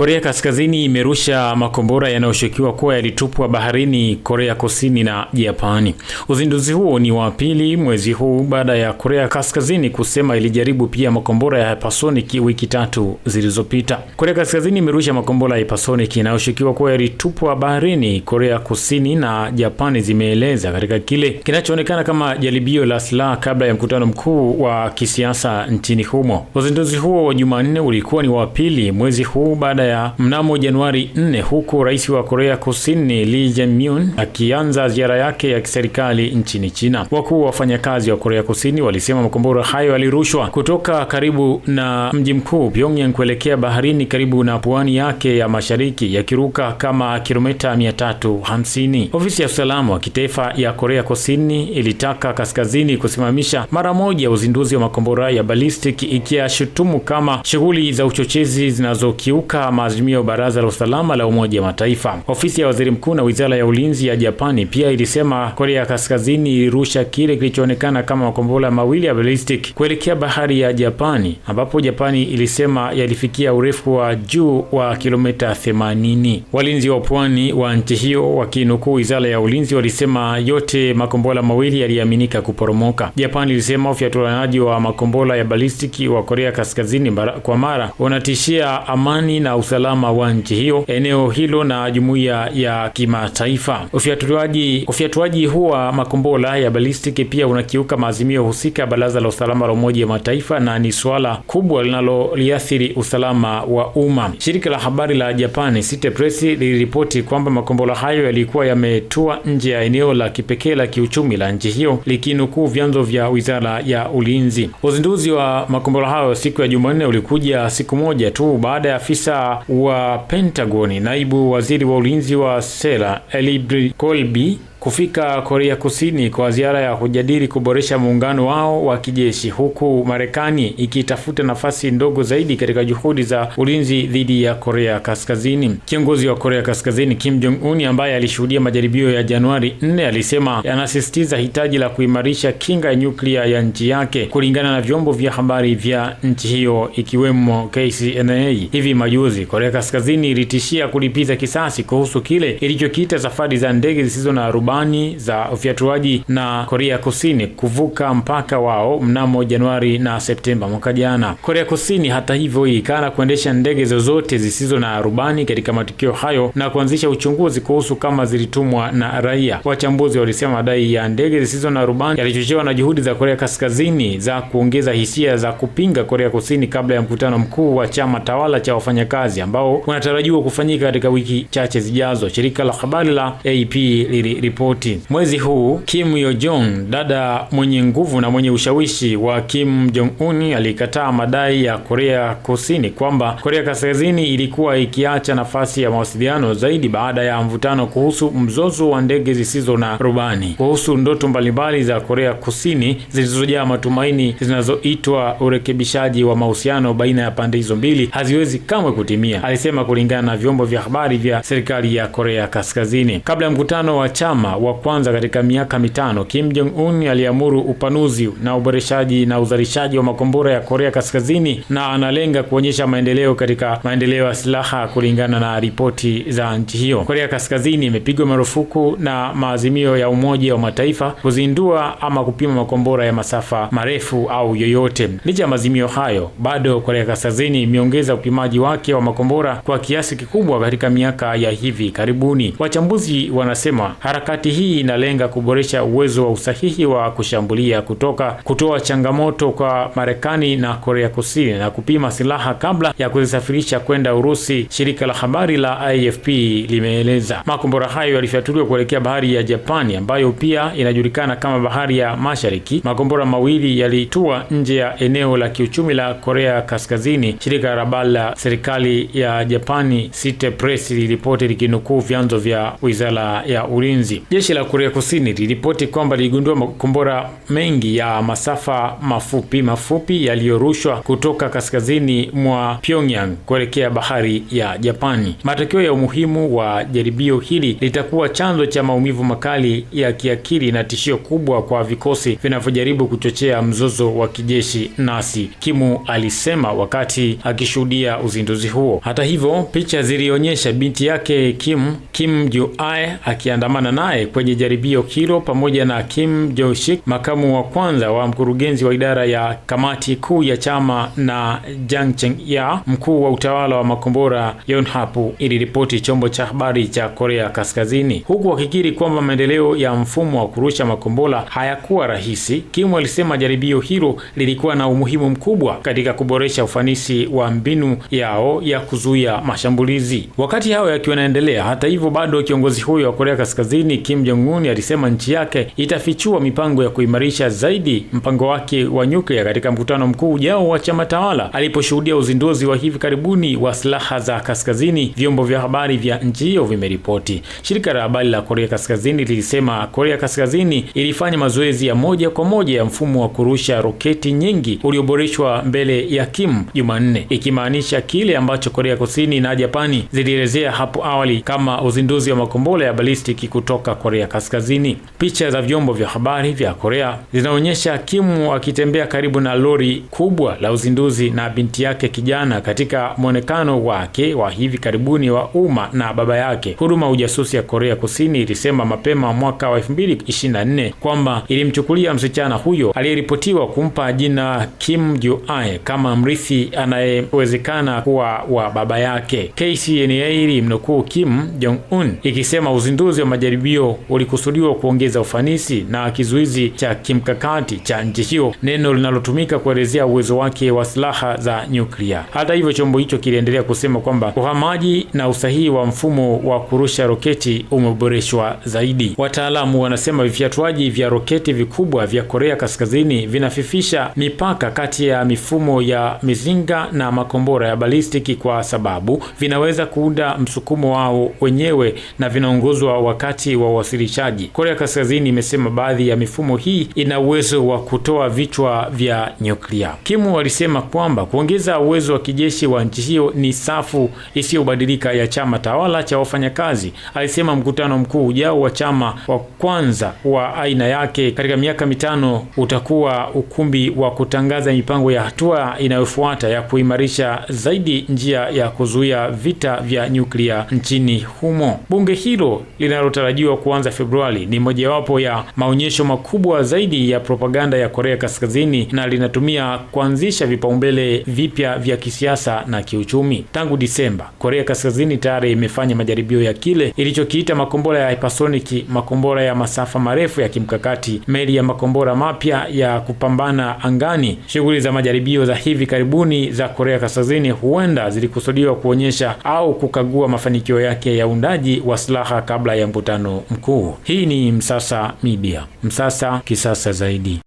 Korea Kaskazini imerusha makombora yanayoshukiwa kuwa yalitupwa baharini Korea Kusini na Japani. Uzinduzi huo ni wa pili mwezi huu baada ya Korea Kaskazini kusema ilijaribu pia makombora ya hypersonic wiki tatu zilizopita. Korea Kaskazini imerusha makombora ya hypersonic yanayoshukiwa kuwa yalitupwa baharini Korea Kusini na Japani, zimeeleza katika kile kinachoonekana kama jaribio la silaha kabla ya mkutano mkuu wa kisiasa nchini humo. Uzinduzi huo wa Jumanne ulikuwa ni wa pili mwezi huu baada Ulaya mnamo Januari 4 huku rais wa Korea Kusini Lee Jae-myung akianza ziara yake ya kiserikali nchini China. Wakuu wa wafanyakazi wa Korea Kusini walisema makombora hayo yalirushwa kutoka karibu na mji mkuu Pyongyang kuelekea baharini karibu na pwani yake ya mashariki yakiruka kama kilomita 350. Ofisi ya usalama wa kitaifa ya Korea Kusini ilitaka kaskazini kusimamisha mara moja uzinduzi wa makombora ya balistiki ikiyashutumu kama shughuli za uchochezi zinazokiuka azimio ya Baraza la Usalama la Umoja wa Mataifa. Ofisi ya waziri mkuu na wizara ya ulinzi ya Japani pia ilisema Korea Kaskazini ilirusha kile kilichoonekana kama makombora mawili ya ballistic kuelekea bahari ya Japani, ambapo Japani ilisema yalifikia urefu wa juu wa kilomita 80. Walinzi wa pwani wa nchi hiyo wakinukuu wizara ya ulinzi walisema yote makombora mawili yaliaminika kuporomoka. Japani ilisema ufyatulanaji wa makombora ya balistiki wa Korea Kaskazini mara kwa mara unatishia amani na usalama wa nchi hiyo, eneo hilo na jumuiya ya kimataifa. Ufyatuaji ufyatuaji huo wa makombola ya balistiki pia unakiuka maazimio husika ya Baraza la Usalama la Umoja wa Mataifa na ni suala kubwa linaloliathiri usalama wa umma. Shirika la habari la Japani City Press liliripoti kwamba makombola hayo yalikuwa yametua nje ya eneo la kipekee la kiuchumi la nchi hiyo, likinukuu vyanzo vya Wizara ya Ulinzi. Uzinduzi wa makombola hayo siku ya Jumanne ulikuja siku moja tu baada ya afisa wa Pentagoni, naibu waziri wa ulinzi wa sera Elibri Colby kufika Korea Kusini kwa ziara ya kujadili kuboresha muungano wao wa kijeshi huku Marekani ikitafuta nafasi ndogo zaidi katika juhudi za ulinzi dhidi ya Korea Kaskazini. Kiongozi wa Korea Kaskazini Kim Jong Un ambaye alishuhudia majaribio ya Januari 4 alisema anasisitiza hitaji la kuimarisha kinga ya nyuklia ya nchi yake, kulingana na vyombo vya habari vya nchi hiyo ikiwemo KCNA. Hivi majuzi, Korea Kaskazini ilitishia kulipiza kisasi kuhusu kile ilichokiita safari za ndege zisizo na rubani rubani za ufyatuaji na Korea Kusini kuvuka mpaka wao mnamo Januari na Septemba mwaka jana. Korea Kusini hata hivyo ilikana kuendesha ndege zozote zisizo na rubani katika matukio hayo na kuanzisha uchunguzi kuhusu kama zilitumwa na raia. Wachambuzi walisema madai ya ndege zisizo na rubani yalichochewa na juhudi za Korea Kaskazini za kuongeza hisia za kupinga Korea Kusini kabla ya mkutano mkuu wa chama tawala cha wafanyakazi ambao unatarajiwa kufanyika katika wiki chache zijazo. Shirika la habari la AP liliripoti ripoti. Mwezi huu Kim Yo Jong, dada mwenye nguvu na mwenye ushawishi wa Kim Jong Un, alikataa madai ya Korea Kusini kwamba Korea Kaskazini ilikuwa ikiacha nafasi ya mawasiliano zaidi baada ya mvutano kuhusu mzozo wa ndege zisizo na rubani, kuhusu ndoto mbalimbali za Korea Kusini zilizojaa matumaini zinazoitwa urekebishaji wa mahusiano baina ya pande hizo mbili haziwezi kamwe kutimia, alisema kulingana na vyombo vya habari vya serikali ya Korea Kaskazini kabla ya mkutano wa chama mama wa kwanza katika miaka mitano, Kim Jong Un aliamuru upanuzi na uboreshaji na uzalishaji wa makombora ya Korea Kaskazini na analenga kuonyesha maendeleo katika maendeleo ya silaha kulingana na ripoti za nchi hiyo. Korea Kaskazini imepigwa marufuku na maazimio ya Umoja wa Mataifa kuzindua ama kupima makombora ya masafa marefu au yoyote. Licha ya maazimio hayo, bado Korea Kaskazini imeongeza upimaji wake wa makombora kwa kiasi kikubwa katika miaka ya hivi karibuni. Wachambuzi wanasema harakati Mikakati hii inalenga kuboresha uwezo wa usahihi wa kushambulia kutoka kutoa changamoto kwa Marekani na Korea Kusini na kupima silaha kabla ya kuzisafirisha kwenda Urusi, shirika la habari la AFP limeeleza. Makombora hayo yalifyatuliwa kuelekea bahari ya Japani ambayo pia inajulikana kama bahari ya Mashariki. Makombora mawili yalitua nje ya eneo la kiuchumi la Korea Kaskazini, shirika la habari la serikali ya Japani City Press liliripoti likinukuu vyanzo vya Wizara ya Ulinzi. Jeshi la Korea Kusini liliripoti kwamba liligundua makombora mengi ya masafa mafupi mafupi yaliyorushwa kutoka kaskazini mwa Pyongyang kuelekea bahari ya Japani. Matokeo ya umuhimu wa jaribio hili litakuwa chanzo cha maumivu makali ya kiakili na tishio kubwa kwa vikosi vinavyojaribu kuchochea mzozo wa kijeshi nasi, Kimu alisema wakati akishuhudia uzinduzi huo. Hata hivyo, picha zilionyesha binti yake Kim Kim Ju-ae akiandamana naye naye kwenye jaribio hilo pamoja na Kim Joshik, makamu wa kwanza wa mkurugenzi wa idara ya kamati kuu ya chama, na Jang Cheng Ya, mkuu wa utawala wa makombora Yonhapu, iliripoti chombo cha habari cha Korea Kaskazini, huku wakikiri kwamba maendeleo ya mfumo wa kurusha makombora hayakuwa rahisi. Kim alisema jaribio hilo lilikuwa na umuhimu mkubwa katika kuboresha ufanisi wa mbinu yao ya kuzuia mashambulizi. Wakati hayo yakiwa yanaendelea, hata hivyo, bado kiongozi huyo wa Korea Kaskazini Kim Jong Un alisema nchi yake itafichua mipango ya kuimarisha zaidi mpango wake wa nyuklia katika mkutano mkuu ujao wa chama tawala. Aliposhuhudia uzinduzi wa hivi karibuni wa silaha za kaskazini, vyombo vya habari vya nchi hiyo vimeripoti. Shirika la habari la Korea Kaskazini lilisema Korea Kaskazini ilifanya mazoezi ya moja kwa moja ya mfumo wa kurusha roketi nyingi ulioboreshwa mbele ya Kim Jumanne, ikimaanisha kile ambacho Korea Kusini na Japani zilielezea hapo awali kama uzinduzi wa makombora ya balistiki kutoka kutoka Korea Kaskazini. Picha za vyombo vya habari vya Korea zinaonyesha Kimu akitembea karibu na lori kubwa la uzinduzi na binti yake kijana katika mwonekano wake wa hivi karibuni wa umma na baba yake. Huduma ujasusi ya Korea Kusini ilisema mapema mwaka wa 2024 kwamba ilimchukulia msichana huyo aliyeripotiwa kumpa jina Kim Ju-ae kama mrithi anayewezekana kuwa wa baba yake. KCNA ilimnukuu Kim Jong-un ikisema uzinduzi wa majaribio hiyo ulikusudiwa kuongeza ufanisi na kizuizi cha kimkakati cha nchi hiyo, neno linalotumika kuelezea uwezo wake wa silaha za nyuklia. Hata hivyo, chombo hicho kiliendelea kusema kwamba uhamaji na usahihi wa mfumo wa kurusha roketi umeboreshwa zaidi. Wataalamu wanasema vifyatuaji vya roketi vikubwa vya Korea Kaskazini vinafifisha mipaka kati ya mifumo ya mizinga na makombora ya balistiki kwa sababu vinaweza kuunda msukumo wao wenyewe na vinaongozwa wakati wa wawasilishaji. Korea Kaskazini imesema baadhi ya mifumo hii ina uwezo wa kutoa vichwa vya nyuklia. Kimu alisema kwamba kuongeza uwezo wa kijeshi wa nchi hiyo ni safu isiyobadilika ya chama tawala cha wafanyakazi. Alisema mkutano mkuu ujao wa chama wa kwanza wa aina yake katika miaka mitano utakuwa ukumbi wa kutangaza mipango ya hatua inayofuata ya kuimarisha zaidi njia ya kuzuia vita vya nyuklia nchini humo. Bunge hilo linalotarajiwa kuanza Februari ni mojawapo ya maonyesho makubwa zaidi ya propaganda ya Korea Kaskazini na linatumia kuanzisha vipaumbele vipya vya kisiasa na kiuchumi. Tangu Disemba, Korea Kaskazini tayari imefanya majaribio ya kile ilichokiita makombora ya hypersonic, makombora ya masafa marefu ya kimkakati, meli ya makombora mapya ya kupambana angani. Shughuli za majaribio za hivi karibuni za Korea Kaskazini huenda zilikusudiwa kuonyesha au kukagua mafanikio yake ya uundaji wa silaha kabla ya mkutano mkuu. Hii ni Msasa Media, Msasa kisasa zaidi.